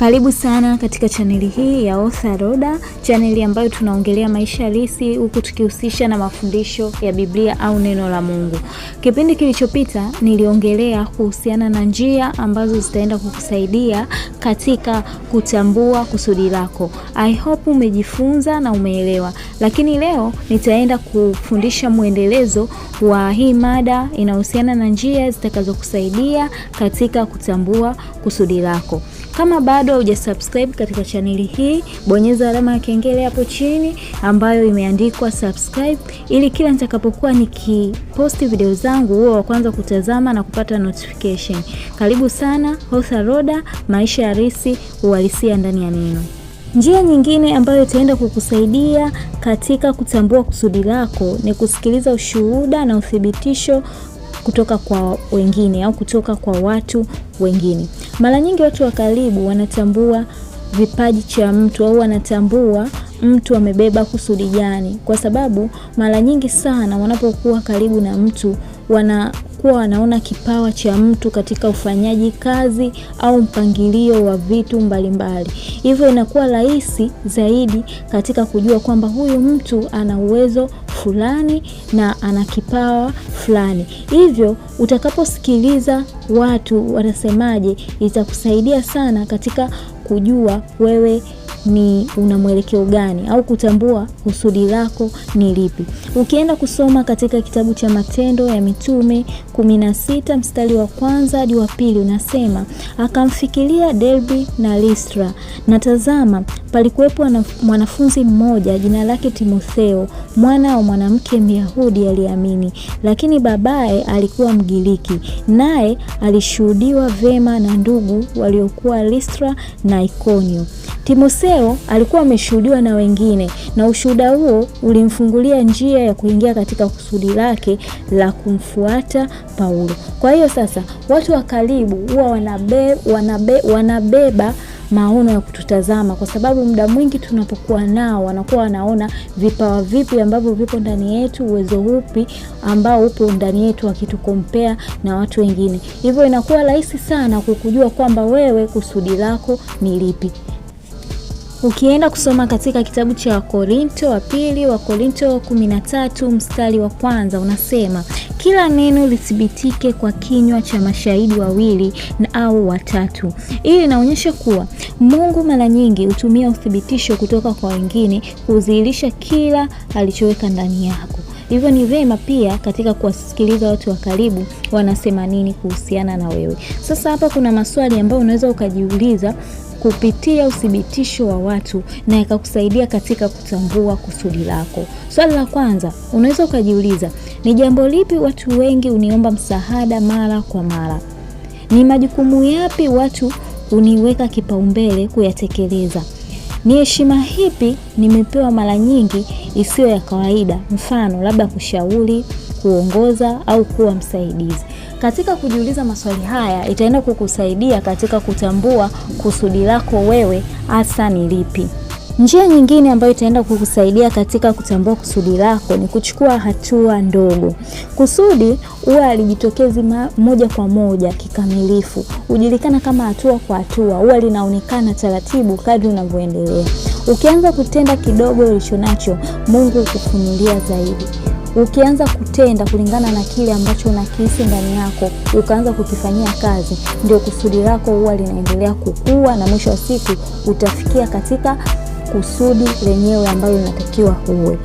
Karibu sana katika chaneli hii ya Otha Roda, chaneli ambayo tunaongelea maisha halisi huku tukihusisha na mafundisho ya Biblia au neno la Mungu. Kipindi kilichopita niliongelea kuhusiana na njia ambazo zitaenda kukusaidia katika kutambua kusudi lako. I hope umejifunza na umeelewa, lakini leo nitaenda kufundisha mwendelezo wa hii mada inahusiana na njia zitakazokusaidia katika kutambua kusudi lako. Kama bado hujasubscribe katika chaneli hii, bonyeza alama ya kengele hapo chini ambayo imeandikwa subscribe, ili kila nitakapokuwa nikiposti video zangu huo wa kwanza kutazama na kupata notification. Karibu sana Hosa Roda, maisha halisi, uhalisia ndani ya neno. Njia nyingine ambayo itaenda kukusaidia katika kutambua kusudi lako ni kusikiliza ushuhuda na uthibitisho kutoka kwa wengine au kutoka kwa watu wengine. Mara nyingi watu wa karibu wanatambua vipaji cha mtu au wanatambua mtu amebeba kusudi gani, kwa sababu mara nyingi sana wanapokuwa karibu na mtu wanakuwa wanaona kipawa cha mtu katika ufanyaji kazi au mpangilio wa vitu mbalimbali. Hivyo inakuwa rahisi zaidi katika kujua kwamba huyu mtu ana uwezo fulani na ana kipawa fulani. Hivyo utakaposikiliza watu wanasemaje, itakusaidia sana katika kujua wewe ni una mwelekeo gani, au kutambua kusudi lako ni lipi. Ukienda kusoma katika kitabu cha Matendo ya Mitume 16 mstari wa kwanza hadi wa pili, unasema akamfikiria Derbe na Listra, na tazama palikuwepo mwanafunzi mmoja jina lake Timotheo, mwana wa mwanamke Myahudi aliamini lakini babaye alikuwa Mgiriki, naye alishuhudiwa vema na ndugu waliokuwa Listra na Ikonio. Timotheo alikuwa ameshuhudiwa na wengine na ushuhuda huo ulimfungulia njia ya kuingia katika kusudi lake la kumfuata Paulo. Kwa hiyo sasa, watu wa karibu huwa wanabe, wanabe, wanabeba maono ya kututazama kwa sababu muda mwingi tunapokuwa nao wanakuwa wanaona vipawa vipi ambavyo vipo ndani yetu, uwezo upi ambao upo ndani yetu, wakitukompea na watu wengine. Hivyo inakuwa rahisi sana kukujua kwamba wewe kusudi lako ni lipi. Ukienda kusoma katika kitabu cha Wakorinto wa pili, Wakorinto 13 mstari wa kwanza unasema kila neno lithibitike kwa kinywa cha mashahidi wawili na au watatu. Hii inaonyesha kuwa Mungu mara nyingi hutumia uthibitisho kutoka kwa wengine kudhihirisha kila alichoweka ndani yako. Hivyo ni vema pia katika kuwasikiliza watu wa karibu wanasema nini kuhusiana na wewe. Sasa hapa kuna maswali ambayo unaweza ukajiuliza kupitia uthibitisho wa watu na ikakusaidia katika kutambua kusudi lako. Swali la kwanza unaweza ukajiuliza, ni jambo lipi watu wengi uniomba msaada mara kwa mara? Ni majukumu yapi watu uniweka kipaumbele kuyatekeleza? Ni heshima hipi nimepewa mara nyingi isiyo ya kawaida, mfano labda kushauri kuongoza au kuwa msaidizi. Katika kujiuliza maswali haya, itaenda kukusaidia katika kutambua kusudi lako wewe hasa ni lipi. Njia nyingine ambayo itaenda kukusaidia katika kutambua kusudi lako ni kuchukua hatua ndogo. Kusudi huwa alijitokezi moja kwa moja kikamilifu, hujulikana kama hatua kwa hatua, huwa linaonekana taratibu kadri unavyoendelea. Ukianza kutenda kidogo ulichonacho, Mungu hukufunulia zaidi. Ukianza kutenda kulingana na kile ambacho unakihisi ndani yako, ukaanza kukifanyia kazi, ndio kusudi lako huwa linaendelea kukua, na mwisho wa siku utafikia katika kusudi lenyewe ambalo linatakiwa uwe.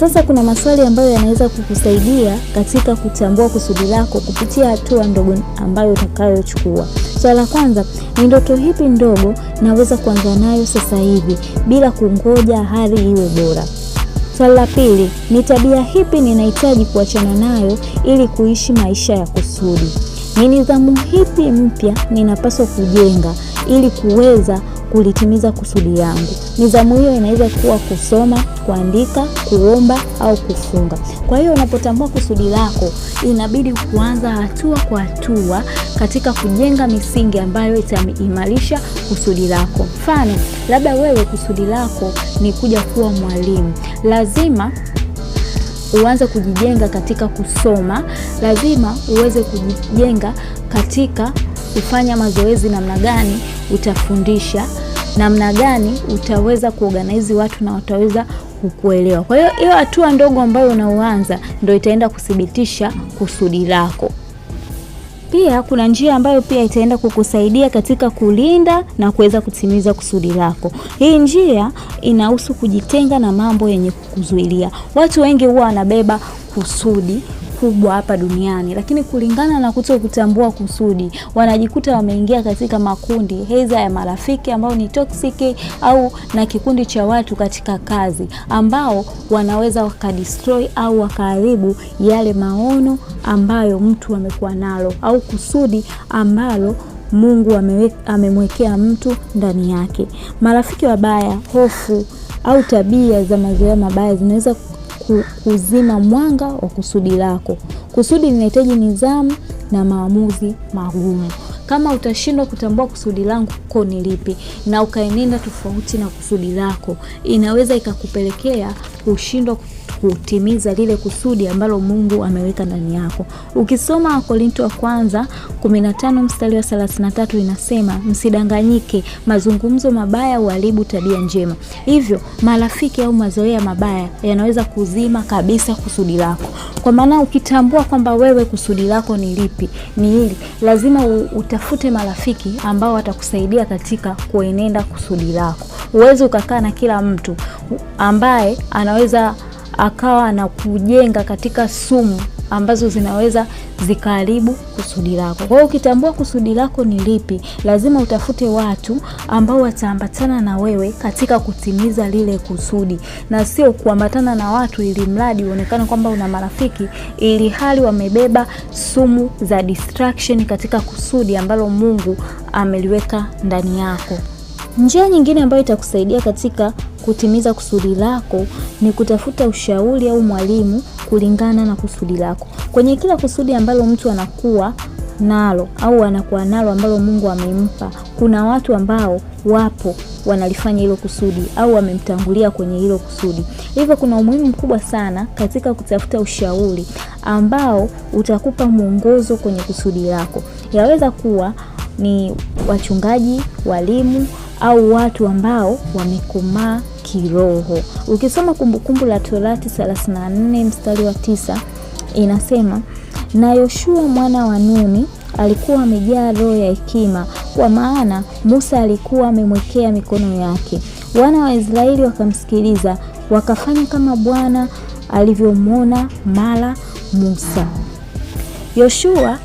Sasa kuna maswali ambayo yanaweza kukusaidia katika kutambua kusudi lako kupitia hatua ndogo ambayo utakayochukua. Swala la kwanza ni ndoto hipi ndogo naweza kuanza nayo sasa hivi bila kungoja hali iwe bora. Swali la pili, ni tabia hipi ninahitaji kuachana nayo ili kuishi maisha ya kusudi? Ni nidhamu hipi mpya ninapaswa kujenga ili kuweza kulitimiza kusudi yangu. Nidhamu hiyo inaweza kuwa kusoma, kuandika, kuomba au kufunga. Kwa hiyo unapotambua kusudi lako, inabidi kuanza hatua kwa hatua katika kujenga misingi ambayo itaimarisha kusudi lako. Mfano, labda wewe kusudi lako ni kuja kuwa mwalimu, lazima uanze kujijenga katika kusoma, lazima uweze kujijenga katika kufanya mazoezi, namna gani utafundisha namna gani utaweza kuorganize watu na wataweza kukuelewa. Kwa hiyo hiyo hatua ndogo ambayo unaoanza ndio itaenda kuthibitisha kusudi lako. Pia kuna njia ambayo pia itaenda kukusaidia katika kulinda na kuweza kutimiza kusudi lako. Hii njia inahusu kujitenga na mambo yenye kukuzuilia. Watu wengi huwa wanabeba kusudi kubwa hapa duniani, lakini kulingana na kuto kutambua kusudi, wanajikuta wameingia katika makundi heza ya marafiki ambao ni toksiki, au na kikundi cha watu katika kazi ambao wanaweza wakadestroy au wakaharibu yale maono ambayo mtu amekuwa nalo au kusudi ambalo Mungu amemwekea mtu ndani yake. Marafiki wabaya, hofu au tabia za mazoea mabaya zinaweza kuzima mwanga wa kusudi lako. Kusudi linahitaji nidhamu na maamuzi magumu. Kama utashindwa kutambua kusudi langu ko ni lipi na ukaenenda tofauti na kusudi lako, inaweza ikakupelekea kushindwa kutimiza lile kusudi ambalo Mungu ameweka ndani yako. Ukisoma Wakorinto wa kwanza 15 mstari wa 33 inasema, msidanganyike, mazungumzo mabaya huharibu tabia njema. Hivyo marafiki au mazoea mabaya yanaweza kuzima kabisa kusudi lako, kwa maana ukitambua kwamba wewe kusudi lako ni lipi, ni hili, lazima utafute marafiki ambao watakusaidia katika kuenenda kusudi lako. Huwezi ukakaa na kila mtu ambaye anaweza akawa na kujenga katika sumu ambazo zinaweza zikaharibu kusudi lako. Kwa hiyo ukitambua kusudi lako ni lipi, lazima utafute watu ambao wataambatana na wewe katika kutimiza lile kusudi, na sio kuambatana na watu ili mradi uonekane kwamba una marafiki, ili hali wamebeba sumu za distraction katika kusudi ambalo Mungu ameliweka ndani yako. Njia nyingine ambayo itakusaidia katika kutimiza kusudi lako ni kutafuta ushauri au mwalimu kulingana na kusudi lako. Kwenye kila kusudi ambalo mtu anakuwa nalo au anakuwa nalo ambalo Mungu amempa, kuna watu ambao wapo wanalifanya hilo kusudi au wamemtangulia kwenye hilo kusudi. Hivyo kuna umuhimu mkubwa sana katika kutafuta ushauri ambao utakupa mwongozo kwenye kusudi lako. Yaweza kuwa ni wachungaji, walimu au watu ambao wamekomaa kiroho. Ukisoma Kumbukumbu la Torati 34 mstari wa tisa inasema, na Yoshua mwana wa Nuni alikuwa amejaa roho ya hekima, kwa maana Musa alikuwa amemwekea mikono yake. Wana wa Israeli wakamsikiliza, wakafanya kama Bwana alivyomwona mara Musa. Yoshua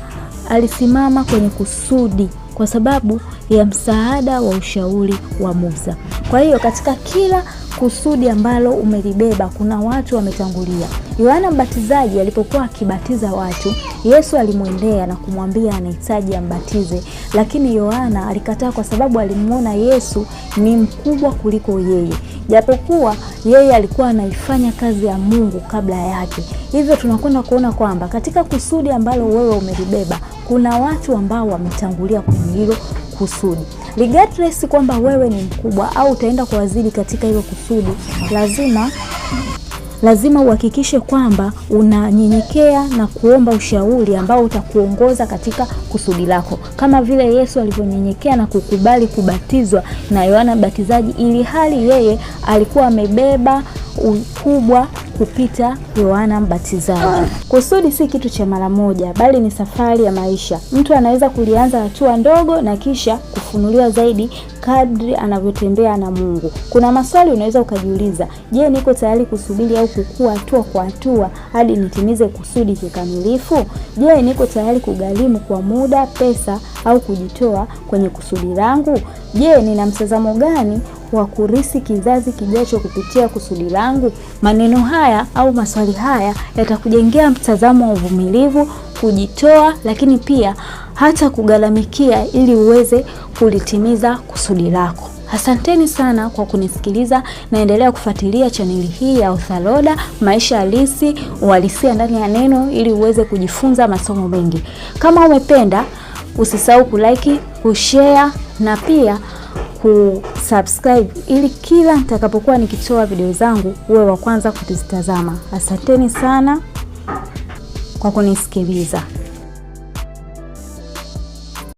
alisimama kwenye kusudi kwa sababu ya msaada wa ushauri wa Musa. Kwa hiyo katika kila kusudi ambalo umelibeba. Kuna watu wametangulia. Yohana Mbatizaji alipokuwa akibatiza watu, Yesu alimwendea na kumwambia anahitaji ambatize, lakini Yohana alikataa kwa sababu alimwona Yesu ni mkubwa kuliko yeye, japokuwa yeye alikuwa anaifanya kazi ya Mungu kabla yake. Hivyo tunakwenda kuona kwamba katika kusudi ambalo wewe umelibeba kuna watu ambao wametangulia kwenye hilo kusudi. Regardless kwamba wewe ni mkubwa au utaenda kuwazidi katika hilo kusudi, lazima lazima uhakikishe kwamba unanyenyekea na kuomba ushauri ambao utakuongoza katika kusudi lako, kama vile Yesu alivyonyenyekea na kukubali kubatizwa na Yohana Mbatizaji, ili hali yeye alikuwa amebeba ukubwa kupita Yohana Mbatizaji. Kusudi si kitu cha mara moja, bali ni safari ya maisha. Mtu anaweza kulianza hatua ndogo na kisha kufunuliwa zaidi kadri anavyotembea na Mungu. Kuna maswali unaweza ukajiuliza: Je, niko tayari kusubiri au kukua hatua kwa hatua hadi nitimize kusudi kikamilifu? Je, niko tayari kugharimu kwa muda, pesa au kujitoa kwenye kusudi langu? Je, nina mtazamo gani wa kurisi kizazi kijacho kupitia kusudi langu? Maneno haya au maswali haya yatakujengea mtazamo wa uvumilivu, kujitoa, lakini pia hata kugharamikia ili uweze kulitimiza kusudi lako. Asanteni sana kwa kunisikiliza. Naendelea kufuatilia chaneli hii ya Uthaloda, maisha halisi, uhalisia ndani ya neno, ili uweze kujifunza masomo mengi. Kama umependa, usisahau kulike, kushare na pia ku subscribe ili kila nitakapokuwa nikitoa video zangu uwe wa kwanza kutizitazama. Asanteni sana kwa kunisikiliza.